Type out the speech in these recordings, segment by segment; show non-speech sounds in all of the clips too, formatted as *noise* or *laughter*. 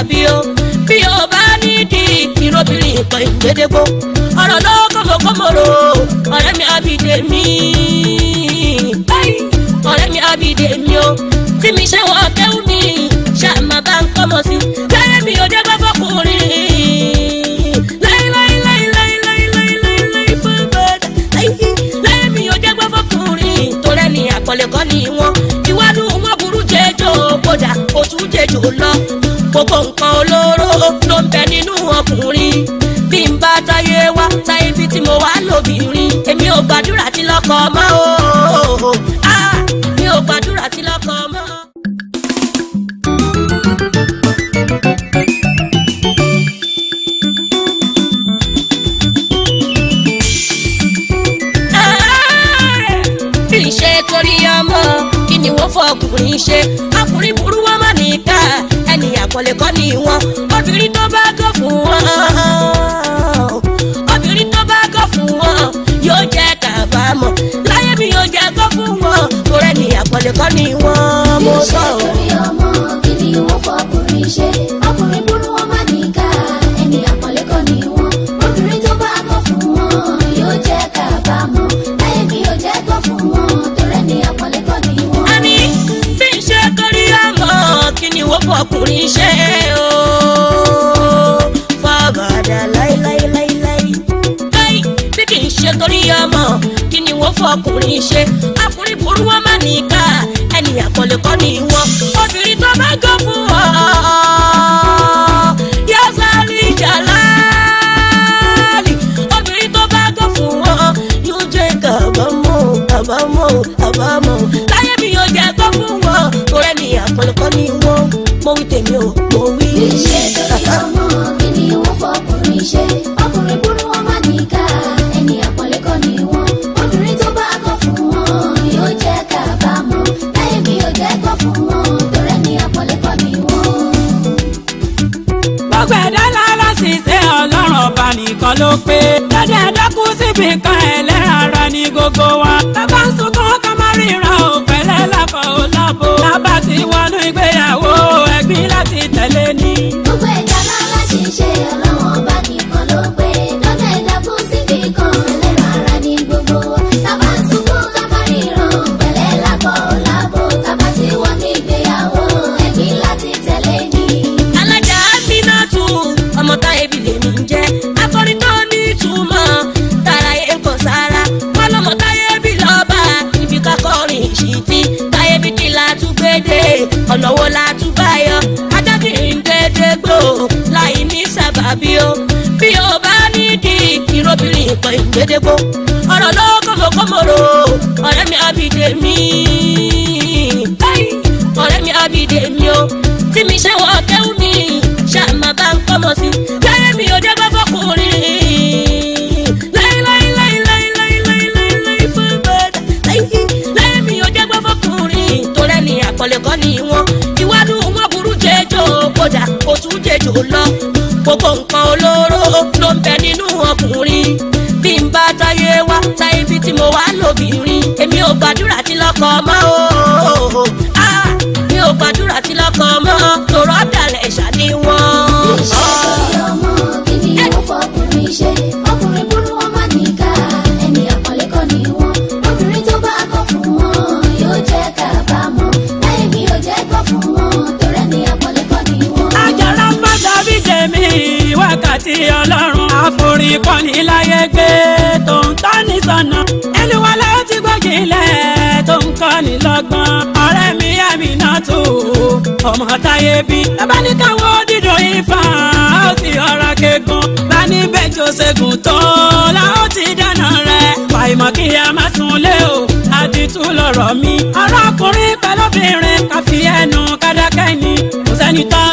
àbí o bí o bá nídìí kírobìnrin ìpọ̀ ìgbédégbó ọ̀rọ̀ lọ́wọ́ kọ́mọkọ́mọ̀rò ọ̀rẹ́ mi àbídé mi ọ̀rẹ́ mi àbídé mi o tí mi ṣe wọ́n kẹ́ gbogbo nǹkan olóró ló ń bẹ nínú ọkùnrin bí n bá táyé wá táyé bí tí mo wá lóbìnrin èmi ò gbàdúrà tí lọ́kọ ọmọ o mi ò gbàdúrà tí lọ́kọ ọmọ. ṣe torí ọmọ kí ni wọ́n fọkùnrin ṣe àpọ̀lẹ̀ kọ́ ni wọ́n. obìnrin tó bá gọ̀ fún wọn obìnrin tó bá gọ̀ fún wọn yóò jẹ́ kábàámọ̀ láyé mi yóò jẹ́ gọ̀ fún wọn. torẹ́ ni àpọ̀lẹ̀ kọ́ ni wọ́n mo sọ ọ́. ọkùnrin ṣe o fàgàdà láíláíláíláí. káì bí kì í ṣe torí ọmọ kí ni wọ́n fọkùnrin ṣe ọkùnrin burú wọn má nìka ẹnìyàn kò ni wọn obìnrin tó bá gbọ́. mo wí tèmi o mo wí. iṣẹ́ torí ọmọ mi ni wọ́n fọkùnrin ṣe ọkùnrin burú wọn má ní ká ẹni àpọ́nlé kọ́ ni wọ́n obìnrin tó bá kọ̀ fún wọn yóò jẹ́ kábàámọ̀ láyé mi yóò jẹ́ kọ̀ fún wọn torí ẹni àpọ́nlé kọ́ ni wọ́n. gbogbo ẹ̀dá lára ṣiṣẹ́ ọlọ́run ọba nìkan ló pé dáadáa dákú síbi kan ẹlẹ́rara ní gbogbo wa. bàbá ń sunkún ká má ríran òpẹ́lẹ́ láfọ̀ọ́ lábo lábàtí wọnú ìgbà. jù lọ gbogbo nǹkan olóró ló ń bẹ nínú ọkùnrin bí n bá táyé wá táyé bí tí mo wá lóbìnrin èmi ò gbàdúrà tí lọ́kọ mọ́ o ah, mi ò gbàdúrà tí lọ́kọ mọ́ o. ìkọ́ni láyé gbé tó ń tọ́ni sọ̀nà ẹni wa la ó ti gbógi ilẹ̀ tó ń kọ́ni lọ́gbọ́n ọ̀rẹ́ mi ẹ̀mí náà tó ọmọ táyé bí bàbá ní káwọn dídò ifá ó ti ọ̀rọ̀ kegun bani bẹjọ ṣẹ́gun tó la ó ti dáná rẹ fàìmọ̀ kí a má sùn lé o àdìtú lọ̀rọ̀ mi ọ̀rọ̀ ọkùnrin pẹ̀lú obìnrin káfí ẹnu kádákẹ́ ni kò sẹ́ni tán.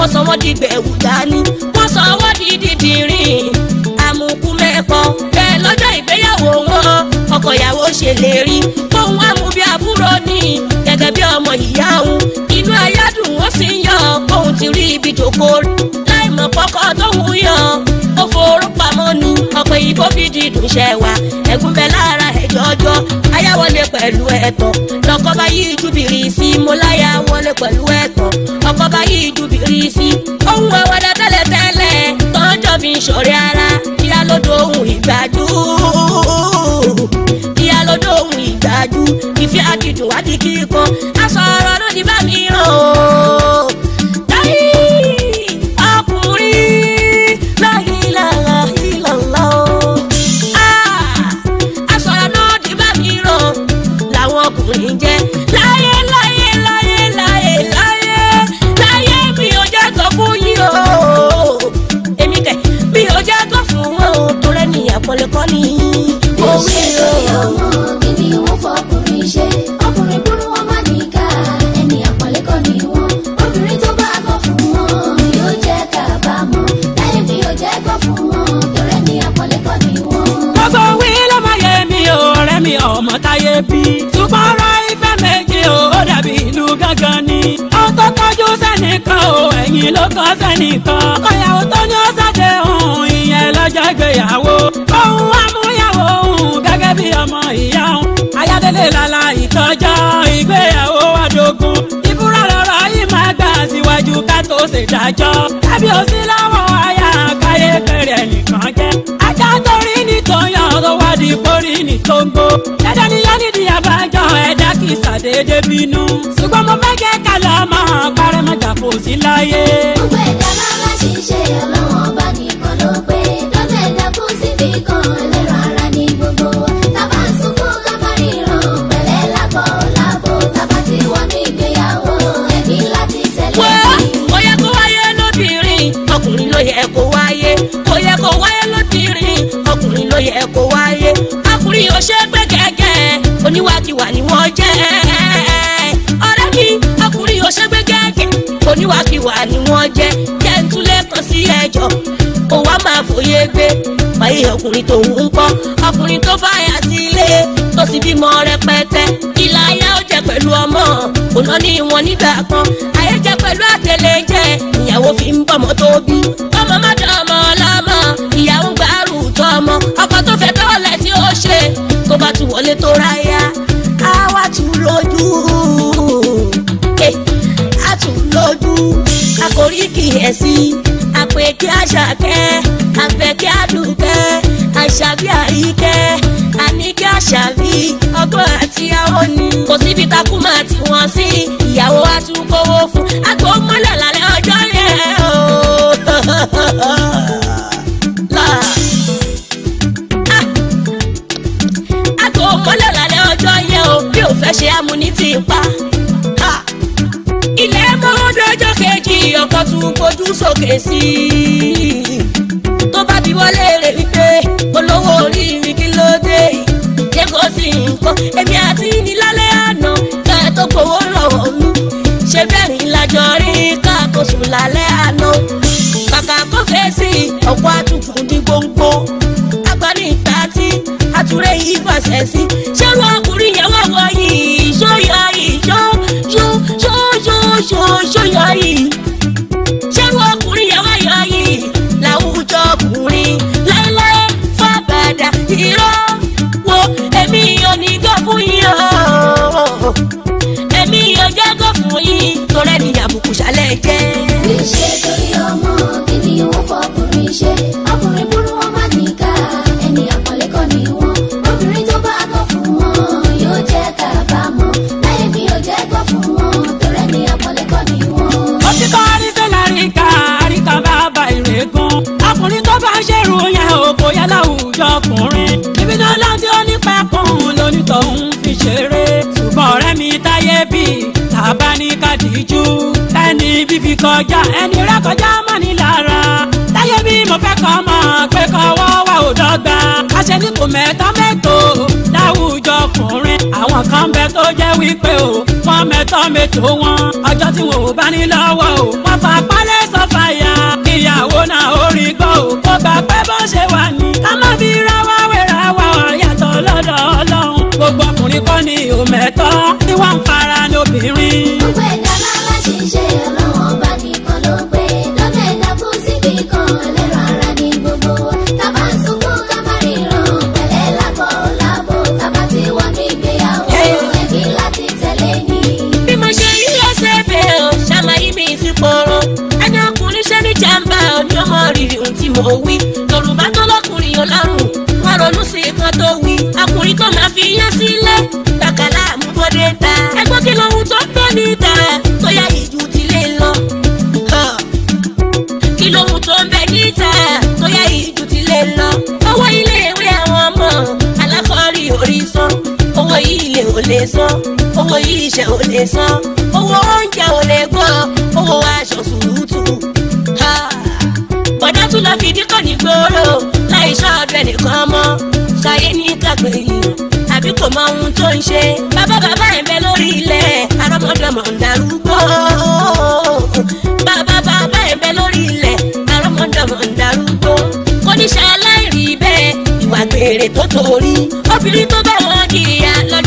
wọ́n sọ wọ́n di gbẹ̀wù dání wọ́n sọ wọ́n di dídìrín amukú mẹ́kọ bẹ́ẹ̀ lọ́jọ́ ìgbéyàwó wọn ọkọ ìyàwó ṣe lè rí kóhun amú bí àbúrò ní gẹ́gẹ́ bí ọmọ ìyá òun inú ayádùn ó sì ń yọ kóhun ti rí ibi jòkó láì mọ̀ pọ́kọ́ tóhun yọ ó forúpamọ́ ni ọ̀pọ̀ ìbò fi dídùn ṣẹ̀wà ẹ̀gúnbẹ̀ lára jọjọ aya wọlé pẹ̀lú ẹ̀tàn lọ́kọ bá yí ìjúbìrì sí mo láya wọlé pẹ̀lú ẹ̀tàn ọkọ bá yí ìjúbìrì sí ohun ẹ̀wọ̀dà tẹ́lẹ̀tẹ́lẹ̀ tọ́jọ́ fi ń ṣọ̀rẹ́ ara kíá ló dohun ìgbájú kíá ló dohun ìgbájú ìfẹ́ àdìdùn àdìkíkọ. lọ́sẹ̀ nìkan. ọkọyàwó tó ní ọ̀sàdé òun ìyẹn lọ́jọ́ ìgbéyàwó. òun àmúyàwó òun gẹ́gẹ́ bí ọmọ ìyá òun. ayádélé lala ìtọ́jọ́ ìgbéyàwó wà dógún. ìfúra lọ́rọ̀ yìí máa gbà síwájú ká tó ṣèdájọ́. tàbí ó sí lọ́wọ́ aya káyé pèrè nìkan jẹ́. ajá torí ní tóyàn tó wá di borí ní tóńgó. dandan ni yóò nídìí àbájọ ẹ̀dá kì í ṣàdédé bínú. ṣùgbọ́n mo fẹ́ kẹ́ kálọ̀ ọmọ parẹ́ mọ́jà kò sí láyé. àforíkì ẹ̀ sí àpè kí àṣàkẹ́ àfẹ́kẹ́ àdùkẹ́ àṣàbí àyíkẹ́ àníkẹ́ àṣàbí ọgbọ́n àti àwọn ni. kò síbi takú máa ti wọ́n sí ìyàwó àtúnkówó fún àgbo *laughs* ah! ah! mọ́lẹ̀ lálẹ́ ọjọ́ yẹn o. àgbo mọ́lẹ̀ lálẹ́ ọjọ́ yẹn o bí ò fẹ́ ṣe amúnítì pa. kí ọkọ tún gbójú sókè sí i tó bá bí wọlé rè wípé olówó orí mi kí ló dé jẹ́ kó sì nǹkan èmi àti ní lálẹ́ àná ká tó gbowó lọ́wọ́ mi ṣe bẹ́ẹ̀rìn lájọ rí ká tó àná kàkà kó fèsì àtúntò ní gbòǹgbò agbárí ìta yìí fàṣẹ sí ṣé wọ́n jẹ́ wípé o wọ́n mẹ́tọ́ mẹ́tò wọn ọjọ́ tí wọn ò bá ní lọ́wọ́ o wọ́n fà pálẹ̀ sọ́fà yá ìyàwó náà ó rí gbọ́ o kò gbà pé bó ṣe wà ní ká má fi ra wá wéra wá yàtọ̀ lọ́dọ̀ ọlọ́run gbogbo ọkùnrin kọ́ ni ò mẹ́tọ́ tí wọ́n ń fara lóbìnrin. gbogbo ẹ̀dá máa má ṣe ṣe ọlọ́ lè san owó yìí ṣe ò lè san owó oúnjẹ ò lè gbọ́ owó aṣọ sùúrùtù. bọ̀dá tún lọ fi díkọ̀ ní gbòòrò láì ṣọ́ ọdún ẹnìkan mọ́ ṣayé ní kàgbẹ̀yìn àbí kò mọ ohun tó ń ṣe bàbá bàbá ẹ̀ bẹ lórí ilẹ̀ àrọ́mọdọ́mọ ń darúgbó bàbá bàbá ẹ̀ bẹ lórí ilẹ̀ àrọ́mọdọ́mọ ń darúgbó kò ní ṣe aláìrí bẹ́ẹ̀ ìwà gbèrè tó torí obìnrin tó bá wọn jìyà lọ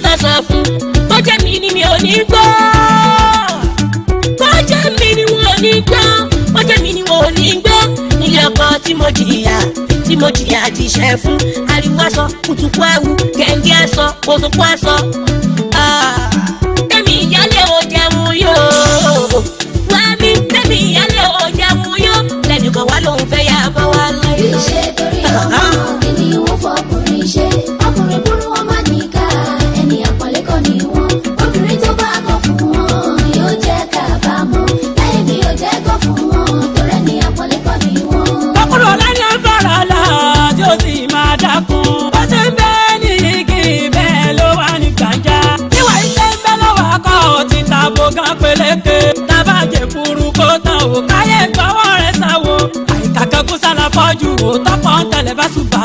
tó sọ fún bó jẹ́ mi ni mi ò ní gbọ́ bó jẹ́ mi ni wọn ò ní gbọ́ bó jẹ́ mi ni wọn ò ní gbọ́ ilé ọkọ tí mo jìyà tí mo jìyà jìṣẹ́ fún ariwo aṣọ kùtùkù ẹ̀wù gẹ̀ǹgẹ̀ aṣọ kòtùkù aṣọ.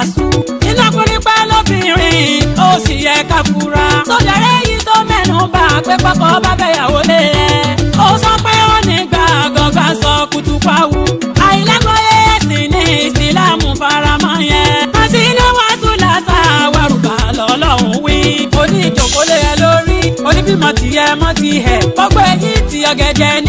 wàásù. nítorí pé lóbìnrin ó sì yẹ ká fura. sódàrẹ́ yìí tó mẹ́nu bá a pé kọ́kọ́ bá fẹ́yàwó lé ẹ. E. ó sọ pé ó ní gbàgàn bá sọ kùtùpáwù. àìlẹ́kọ̀ọ́ ẹ̀sìn ní ìsìlámù faramọ́ yẹn. àti inú wàásù làṣà wàrùbá lọ́lọ́run wí. oníjókòó lé ẹ lórí oníbímọ tìyẹ mọ́ ti hẹ̀ gbogbo ẹ̀yìn ti ọ̀gẹ̀dẹ̀ ní.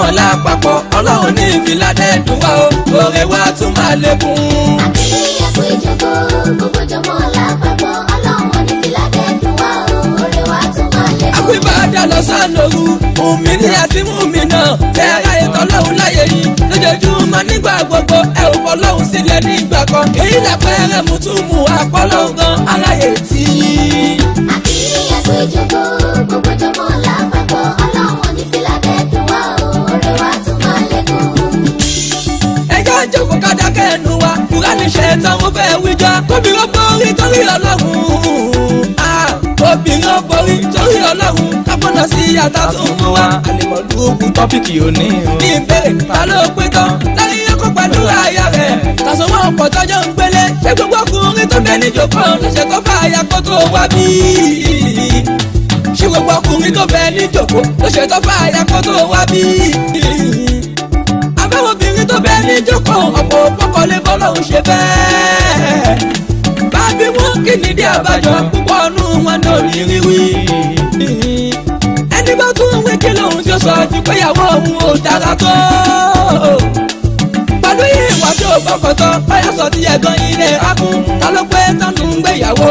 mọ̀ lápapọ̀ ọlọ́run ní ìmí ládẹ́dùn wá o òrè wa tún máa lékún. àbíyẹ̀ fún ìjọba gbogbo jọmọ lápapọ̀ ọlọ́run ní ìmí ládẹ́dùn wá o òrè wa tún máa lékún. àpébàdà lọ́sàn-án lóru mùmí ní àti mùmí náà tẹ ayé tọ́lọ́run láyé yìí lójoojúmọ́ nígbà gbogbo ẹ ò fọlọ́run sílẹ̀ nígbà kan èyí làpẹ́rẹ́ mùtúmù àpọ́lọ́ gan aláyé tí. àbíyẹ̀ fún ìjọba gbogbo jọmọ lápapọ̀ ẹ̀ táwọn fẹ́ wíjà obìnrin borí torí ọlọ́run obìnrin borí torí ọlọ́run kápọ́nà sí ata tó mú wa àlèmọ̀lú ogun tọ́pìkì òní. ní ìbéèrè ta ló pé tán láyé kó pẹ̀lú àyà rẹ̀ tàṣọwọ́ ọ̀pọ̀ tọ́jọ́ ń gbélé ṣé gbogbo ọkùnrin tó bẹ níjòkó lọ́sẹ̀ tó fà ya kó tó wá bí ṣé gbogbo ọkùnrin tó bẹ níjòkó lọ́sẹ̀ tó fà ya kó tó wá bí abẹ́wọ̀n obìnrin tó bẹ níjòkó ọ̀pọ̀ ọ̀pọ̀ wọlé bọ́lọ́hún ṣe fẹ́. bábí wọn kì ní dí àbájọ púpọ̀ ọ̀nù wọn náà rí wíwí. ẹni bá tún òwe kí lòun ti sọ ju péyàwó òun ò dára tó. pẹ̀lú ìwà tí ò gbọ́kọ̀tọ̀ báyà sọ ti ẹ̀gbọ́n yín rẹ̀ akún ta ló pé tánú ń gbéyàwó.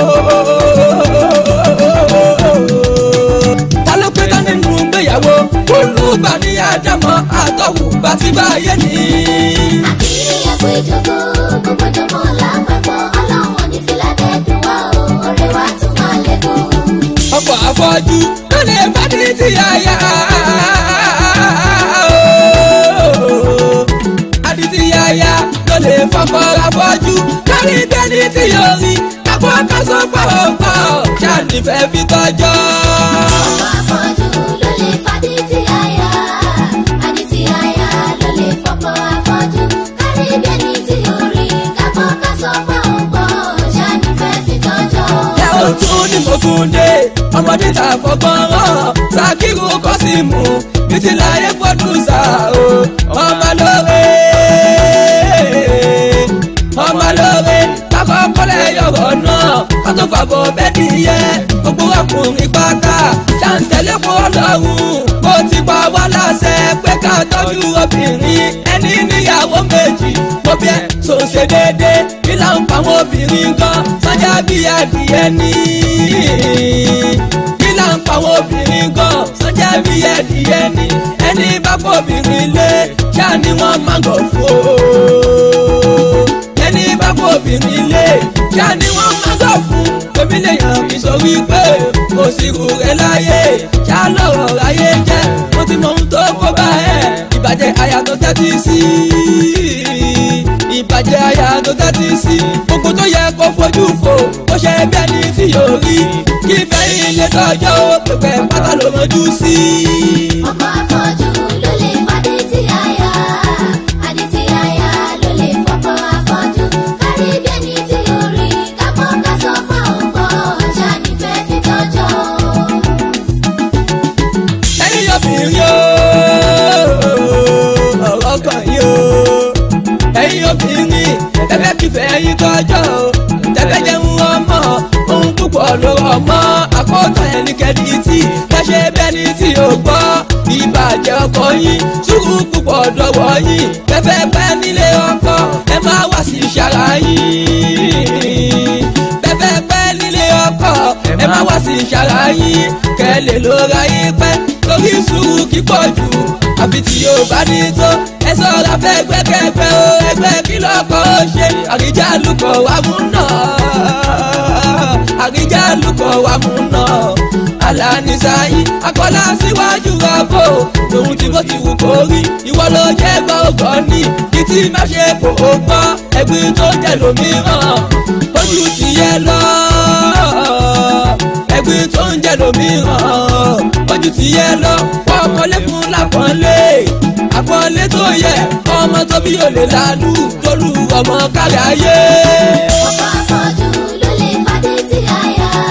ta ló pé tánú ń gbéyàwó. olùgbàdìyà dàmọ́ àtọ̀wù gbogbo ìjọgbó gbogbo ìjọgbó lápapọ̀ ọlọ́run onífìlàdé dùn ló lè bá dé ti àyà. àdìtì àyà ló lè fọkọ̀ àfọ́jú kárí tẹ́lí tí yóò rí kápọ́ kásán pàwọ́ pàwọ́ ṣáà nífẹ̀ẹ́ fi tọ́jọ́. ọ̀pọ̀ àfọ́jú. ni mo tún dé ọmọdé ta fọgbọ́nrán sakiru kọ́símù títí láyé fọdún sá o ọmọ lóore ọmọ lóore kákọ́ kọ́lẹ̀ yọ̀rọ̀ náà kátó fàbọ̀ bẹ́ẹ̀ nìyẹn gbogbo ọkùnrin pátá ṣàǹtẹ̀lẹ́kọ̀ọ́ lọ́rùn ti pa wá láṣẹ pé ká tọ́jú obìnrin ẹni níyàwó méjì òbí ẹ̀ tó ṣe déédéé kí là ń pa àwọn obìnrin gan sọ́jà bí adìyẹ ní. kí là ń pa àwọn obìnrin gan sọ́jà bí adìyẹ ní. ẹni bá kó obìnrin lé ṣáà ni wọ́n máa ń gò fún o obìnrin lé ṣá ni wọ́n máa sọ fún omi lè yàn mí sọ wípé kò sí kù rẹ láyé ṣá lọ́rọ̀ ráyé jẹ́ mo ti mọ ohun tó kó bá ẹ̀ ìbàjẹ́ àyà tó tẹ́tí sí ìbàjẹ́ àyà tó tẹ́tí sí gbogbo tó yẹ kó fojú fo ó ṣe bẹ́ẹ̀ ni tí yóò rí kí fẹ́yìn lè tọ́jọ́ pẹ̀pẹ́ pátá ló mọ̀jú sí. ọkọ̀ àfọ̀jù. obìnrin o ọ̀rọ̀ kan yìí o ẹ̀yin obìnrin tẹ́fẹ́ kìfẹ́ ẹ̀yin kọjọ́ o tẹ́fẹ́ jẹun ọmọ ohun púpọ̀ lọ́rọ̀ mọ́ àkótán ẹni kẹ́ni tí kẹ́ṣẹ́ bẹ́ni tí o gbọ́ ìbàjẹ́ ọkọ yín sùúrù púpọ̀ dọ̀wọ́ yín tẹ́fẹ́ pẹ́ nílé ọkọ ẹ má wá sí ṣara yín tẹ́fẹ́ pẹ́ nílé ọkọ ẹ má wá sí ṣara yín kẹ́lẹ́ ló ra yín pẹ́ kí sùúrù kíkọ̀ jù àfi tí yóò bá ní tó ẹ sọ la fẹ́ gbẹ́kẹ̀gbẹ́ o ẹgbẹ́ kí lọ́kọ̀ ó ṣe àríjà lukọ̀ wà mú nà àríjà lukọ̀ wà mú nà alanisayi akọlá síwájú ọkọ tòun tí bó ti wù kó rí ìwọ ló jẹ gbọgbọ ní kí tí má ṣe kó o gbọ́ ẹgbin tó jẹ lómìíràn ojú ti yẹ lọ ẹgbin tó ń jẹ lómìíràn jù ti yẹ lọ ọkọlé fún lápọ́nlé àpọ́nlé tó yẹ ọmọ tó bí olè lálù torú ọmọ kárí ayé. ọmọ afọ́jú ló lè fàdé tí a yà á.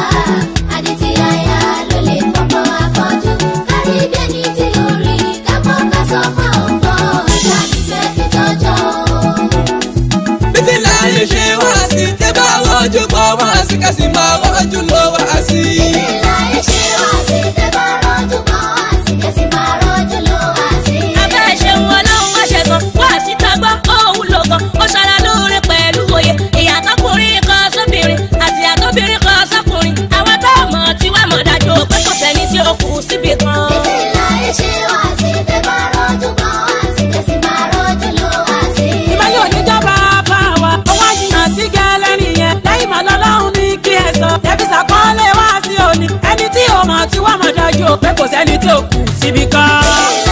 ojú bọ̀ wá sí kásìmọ̀ wájú lọ wá sí. ìlànà ìṣe wá sí. wá mọ̀ dájú pé kò sẹ́ni tó kù síbi kan.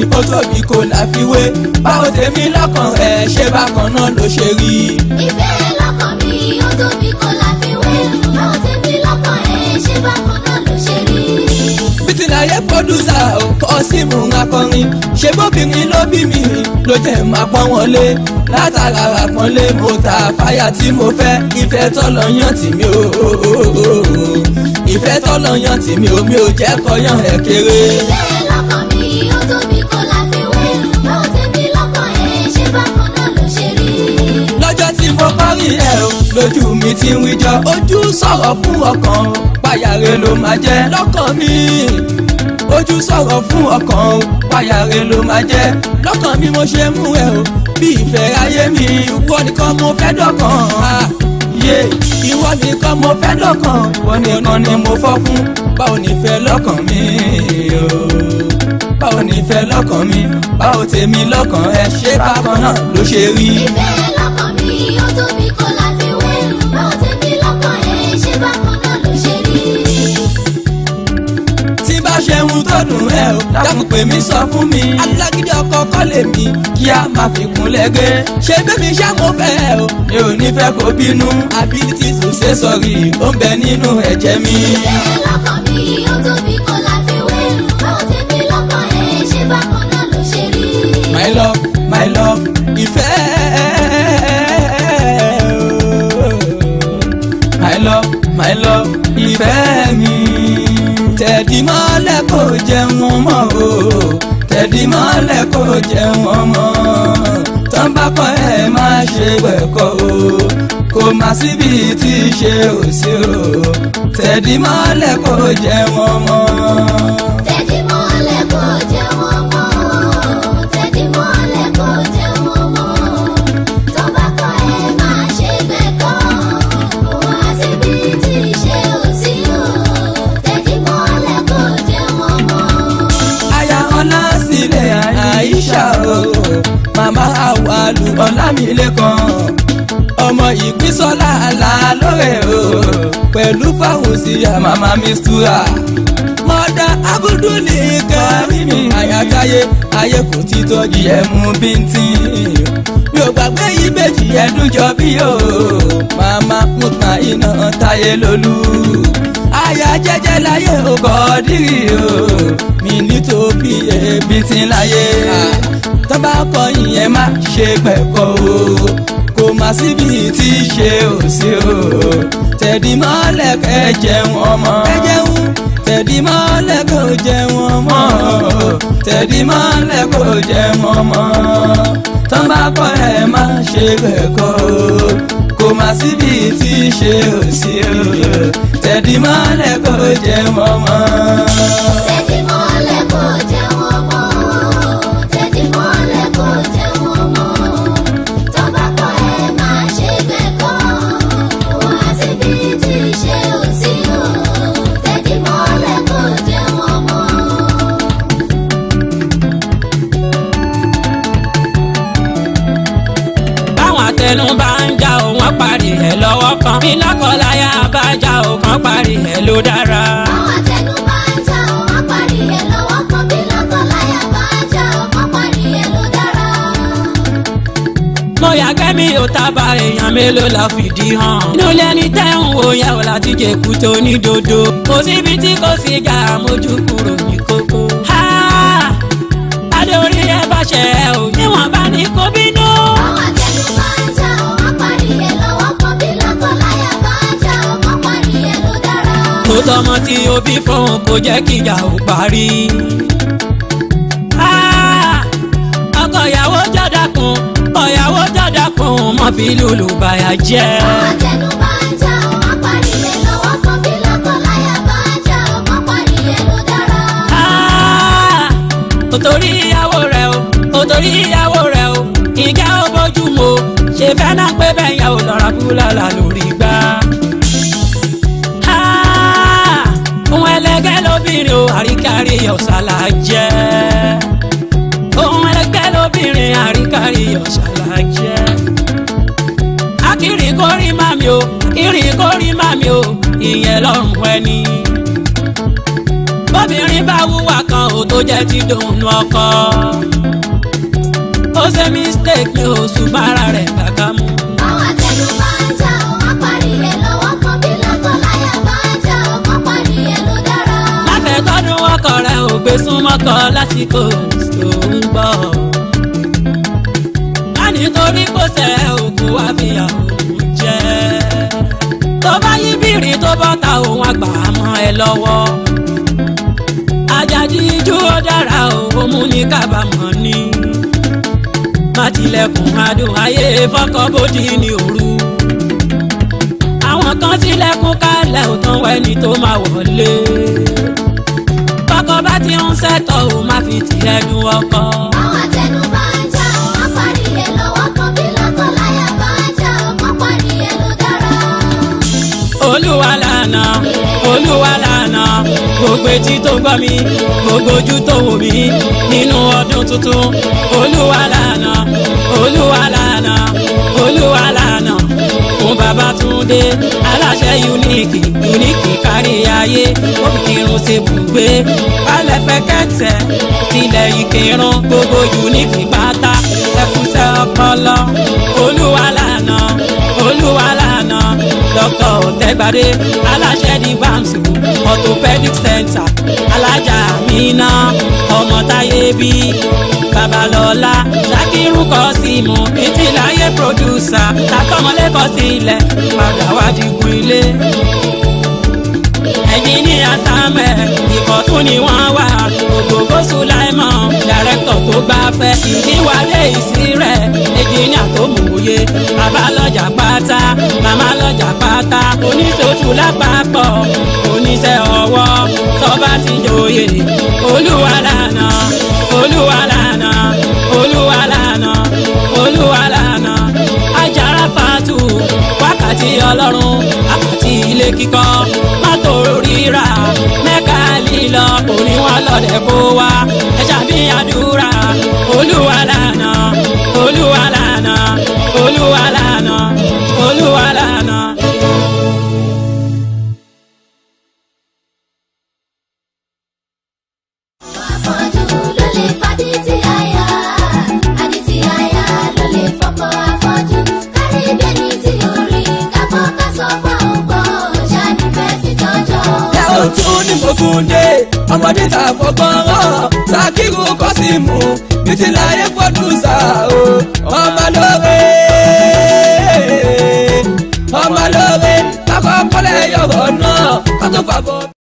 òyìnbó tóbi kò láfiwé báwo tèmi lọ́kàn ẹ̀ ṣe bákan náà ló ṣe rí. ìfẹ́ ẹ lọ́kàn mi ó tóbi kò láfiwé báwo tèmi lọ́kàn ẹ̀ ṣe bákan náà ló ṣe rí. bítìláyé pọ́dúsà ò kọ́ símù akọrin ṣé bóbìnrin ló bí mi ló jẹ́ máa pọ́n wọlé látara àpọ́nlé mo ta fáyà tí mo fẹ́ ìfẹ́ tọ́lọ yan tì mí o ìfẹ́ tọ́lọ yan tì mí o mi ò jẹ́ kọyàn ẹ̀ kéré. ìfẹ́ ẹ lọ́kàn mi. ẹ̀ o lójú mi ti ń wíjọ ojú sọ̀rọ̀ fún ọkàn o payàre ló máa jẹ́ lọ́kàn mi ojú sọ̀rọ̀ fún ọkàn o payàre ló máa jẹ́ lọ́kàn mi mo ṣe mú ẹ o bí ìfẹ́ ayé mi ìwọ nìkan mo fẹ́ dọ̀kan yé ìwọ nìkan mo fẹ́ dọ̀kan ìwọ nìkan ni mo fọ́ fún báwo nífẹ̀ẹ́ lọ́kàn mi o báwo nífẹ̀ẹ́ lọ́kàn mi báwo tèmi lọ́kàn ẹ ṣé bákan náà ló ṣe rí. ìfẹ́ lọ. ṣeun tó dùn ẹ o dákun pè mí sọ fún mi. alágídí ọkọ kọ́ lè mi kí a máa fi kún lẹ́gẹ́. ṣé bẹ́mi ṣàkófẹ́ ẹ o mi ò ní fẹ́ kó bínú. ability to say sorry ó ń bẹ nínú ẹ̀jẹ̀ mi. my love my love ìfẹ́ my love my love ìfẹ́ mi tẹ̀dí mọ́lẹ̀ kò jẹun mọ́ o tẹ̀dí mọ́lẹ̀ kò jẹun ọmọ tán bá kọ́ ẹ má ṣe wẹ̀kọ́ o kò má síbi tí ṣe òsì o tẹ̀dí mọ́lẹ̀ kò jẹun ọmọ. pẹ̀lú fàwùsíyà màmá mistura mọ́dà agudu nìkan mímì àyàtáyé ayé kò ti tọ́jú ẹ̀ mú bíntín yóò gbàgbé ìbejì ẹ̀dúnjọ bí o màmá mùtà iná táyé lólú àyà jẹ́jẹ́ láyé o kọ́dírì o mi nítòbí ebi tí ń láyé tó kọ ìyẹn má ṣe pẹ̀kọ́ o kò má síbi tí ṣe ò o tẹ̀dí mọ́lẹ̀ kẹ́ jẹun ọmọ tẹ̀dí mọ́lẹ̀ kò jẹun ọmọ tẹ̀dí mọ́lẹ̀ kò jẹun ọmọ tán bá kọ́ ẹ má ṣe gbẹ̀kọ́ o kò má síbi tí ṣe ò o tẹ̀dí mọ́lẹ̀ kò jẹun ọmọ. tẹ̀dí mọ́lẹ̀. parí ẹ̀ ló dára. àwọn àtẹnu mo yà kẹ́mi ò tábà èèyàn mélòó la fìdí hàn. inú lẹni tẹ́ ń wo yẹn ò láti jẹ èkúté onídodo. kò síbi tí kò sí ga àmójú kúrò ní kókó. adé orí ẹ bá ṣe ẹ ò níwọ̀n bá ní kó bí. tọmọ tí o bí fún kò jẹ́ kíjà ò parí. Ah, ọkọ ìyàwó jọ̀dá kun ọ̀yàwó jọ̀dá kun mọ́ fi lùlù bàyà jẹ́. àtẹnubá ń jà ọ́ wá parí rẹ̀ lọ́wọ́ kan bí lọ́kọ̀ láyà bá jà ah, ìyàwó rẹ̀ o òtórí ìyàwó rẹ̀ o ìkẹ́ ò bójú ṣe fẹ́ náà pé bẹ́ẹ̀ yà ó lọ́ra búlọ́lá lórí ikú. lóbìnrin o àríkárí ọ̀sálà jẹ́ ohun ẹlẹgbẹ́ lóbìnrin àríkárí ọ̀sálà jẹ́ akiri kórì mami o akiri kórì mami o ìyẹn lọ́rùn ẹni bóbìnrin bá wúwà kan ò tó jẹ́ ti dùnú ọkọ ó ṣe mistake ni o ṣùgbọ́n ara rẹ̀ kàkà pé súnmọ́kọ lásìkò tó ń bọ̀. ká nítorí kò sẹ́ òkú àfihàn òun jẹ́. tó bá yí bìrì tó bọ́ ta òun àgbà mọ́ ẹ lọ́wọ́. àjàjì ijó dára òun mú ní kábàámọ̀ ni. má tilẹ̀kùn adùn ayé fọ́kọ́ bódì ní òru. àwọn kan tilẹ̀kùn kálẹ̀ òtán wẹ́ni tó máa wọlé ọkọ bá ti ń ṣètò ò má fi tiẹ̀ du ọkọ. àwọn àtẹnu bá ń jà wọ́n parí ẹ̀ lọ́wọ́ kan bí lọ́kọ̀láyà bá ń jà wọ́n gbogbo etí tó gbọ́ mi gbogbo ojú tó wò mí nínú ọdún tuntun olúwa lànà olúwa lànà olúwa lànà. Ṣẹ́gun Babátúndé aláṣẹ Unique Unique kárí ayé òkìrun ṣe bùgbé balẹ̀ pẹ́kẹ́tẹ̀ tilẹ̀ ìkírun gbogbo Unique pátá ẹkùsẹ́ ọpọlọ olúwa lànà olúwa lànà dr ọ̀tẹ́gbàdé aláṣẹ di vams orthopedic center alájà àmínà ọmọtáyé bí babalọ́lá sakiru kọ́símù ìtìláyé pòdùsà takọ́mọlẹ́kọ́ sílẹ̀ padà wá dìgbò ilé ẹ̀yìn ní àsámẹ̀ ìkọ̀tún ni wọ́n wà. Ògògó Sùláìmọ̀ dàrẹ́tọ̀ tó bá fẹ́ ìníwálé ìsí rẹ̀ ẹnjìníà tó mòye bàbá lọ́jà pátá màmá lọ́jà pátá oníṣòṣù lápapọ̀ oníṣẹ́ ọwọ́ tọ́ba ti jòyè olúwa lànà olúwa lànà olúwa lànà olúwa lànà ajára fàtú wákàtí ọlọ́run àkàtì ilé kíkọ́. lẹ̀ kó wa ẹ ṣàbí àdúrà olúwa lànà.